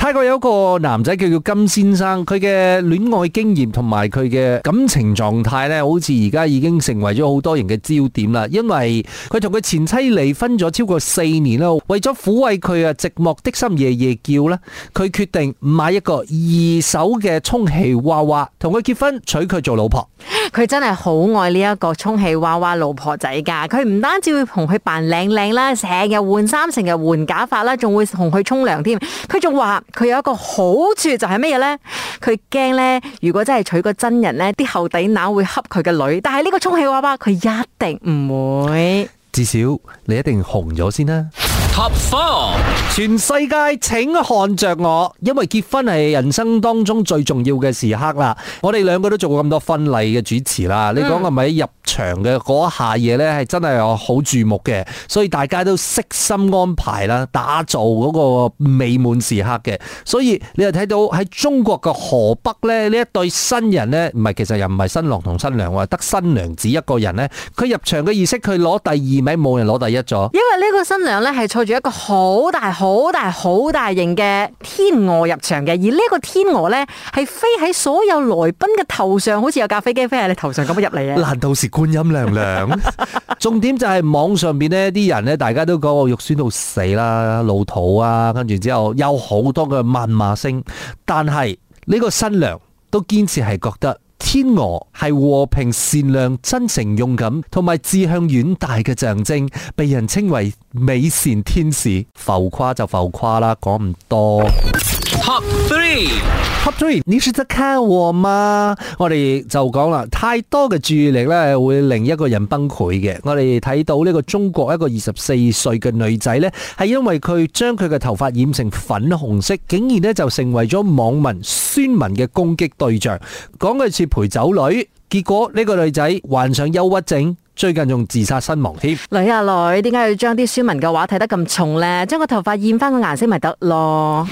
泰國有一個男仔叫做金先生，佢嘅戀愛經驗同埋佢嘅感情狀態咧，好似而家已經成為咗好多人嘅焦點啦。因為佢同佢前妻離婚咗超過四年啦，為咗撫慰佢啊寂寞的心夜夜叫咧，佢決定買一個二手嘅充氣娃娃，同佢結婚娶佢做老婆。佢真係好愛呢一個充氣娃娃老婆仔噶，佢唔單止會同佢扮靚靚啦，成日換衫，成日換假髮啦，仲會同佢沖涼添。佢仲話。佢有一個好處就係乜嘢呢？佢驚呢，如果真係娶個真人呢，啲後底乸會恰佢嘅女。但係呢個充氣娃娃，佢一定唔會。至少你一定紅咗先啦。Top five. 全世界請看着我，因為結婚係人生當中最重要嘅時刻啦。我哋兩個都做過咁多婚禮嘅主持啦。嗯、你講係咪入？場嘅嗰一下嘢呢，係真係有好注目嘅，所以大家都悉心安排啦，打造嗰個美滿時刻嘅。所以你又睇到喺中國嘅河北呢，呢一對新人呢，唔係其實又唔係新郎同新娘，我得新娘子一個人呢，佢入場嘅儀式，佢攞第二名，冇人攞第一咗。因為呢個新娘呢，係坐住一個好大、好大、好大，大型嘅天鵝入場嘅，而呢個天鵝呢，係飛喺所有來賓嘅頭上，好似有架飛機飛喺你頭上咁入嚟嘅。難道是？觀音娘娘，良良 重點就係、是、網上邊呢啲人咧，大家都講我肉酸到死啦、老土啊，跟住之後有好多嘅謾罵聲。但係呢、這個新娘都堅持係覺得天鵝係和平、善良、真誠、勇敢同埋志向遠大嘅象徵，被人稱為美善天使。浮誇就浮誇啦，講唔多。Top three，Top three，你是在看我嗎？我哋就講啦，太多嘅注意力咧，會令一個人崩潰嘅。我哋睇到呢個中國一個二十四歲嘅女仔呢係，因為佢將佢嘅頭髮染成粉紅色，竟然呢就成為咗網民酸民嘅攻擊對象，講佢似陪酒女。結果呢個女仔患上憂鬱症，最近仲自殺身亡添。女啊女，點解要將啲書文嘅話睇得咁重呢？將個頭髮染翻個顏色咪得咯。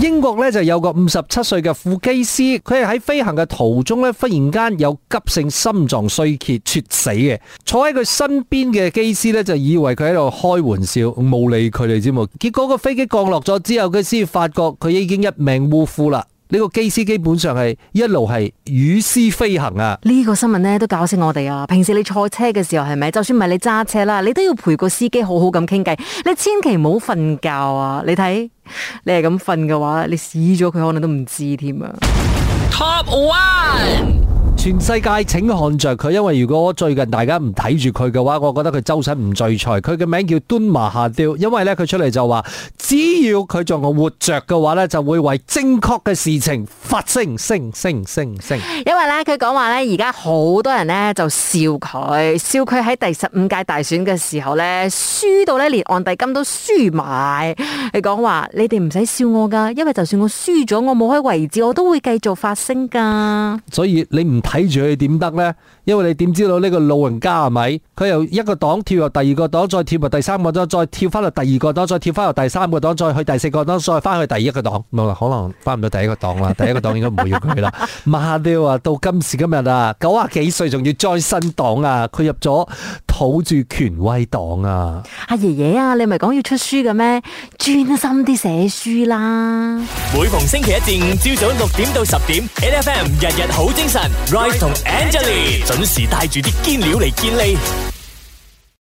英國呢就有個五十七歲嘅副機師，佢係喺飛行嘅途中呢，忽然間有急性心臟衰竭猝死嘅。坐喺佢身邊嘅機師呢，就以為佢喺度開玩笑，冇理佢哋咋嘛。結果個飛機降落咗之後，佢先發覺佢已經一命嗚呼啦。呢個機師基本上係一路係雨絲飛行啊！呢個新聞咧都搞醒我哋啊！平時你坐車嘅時候係咪？就算唔係你揸車啦，你都要陪個司機好好咁傾偈。你千祈唔好瞓覺啊！你睇，你係咁瞓嘅話，你死咗佢可能都唔知添啊！Top one。全世界請看着佢，因為如果最近大家唔睇住佢嘅話，我覺得佢周身唔聚財。佢嘅名叫敦馬哈迪，因為咧佢出嚟就話，只要佢仲係活着嘅話咧，就會為正確嘅事情發聲，聲聲聲聲。因為咧佢講話咧，而家好多人咧就笑佢，笑佢喺第十五屆大選嘅時候咧，輸到咧連按櫃金都輸埋。你講話，你哋唔使笑我噶，因為就算我輸咗，我冇喺位置，我都會繼續發聲噶。所以你唔。睇住佢點得呢？因為你點知道呢個老人家係咪？佢由一個黨跳入第二個黨，再跳入第三個黨，再跳翻落第二個黨，再跳翻入第三個黨，再去第四個黨，再翻去第一個黨。可能翻唔到第一個黨啦。第一個黨應該唔會要佢啦。馬料啊，到今時今日啊，九啊幾歲仲要再新黨啊？佢入咗。抱住權威黨啊！阿爺爺啊，你唔係講要出書嘅咩？專心啲寫書啦！每逢星期一至五朝早六點到十點，N F M 日日好精神，Rise 同 Angelie 準時帶住啲堅料嚟見你。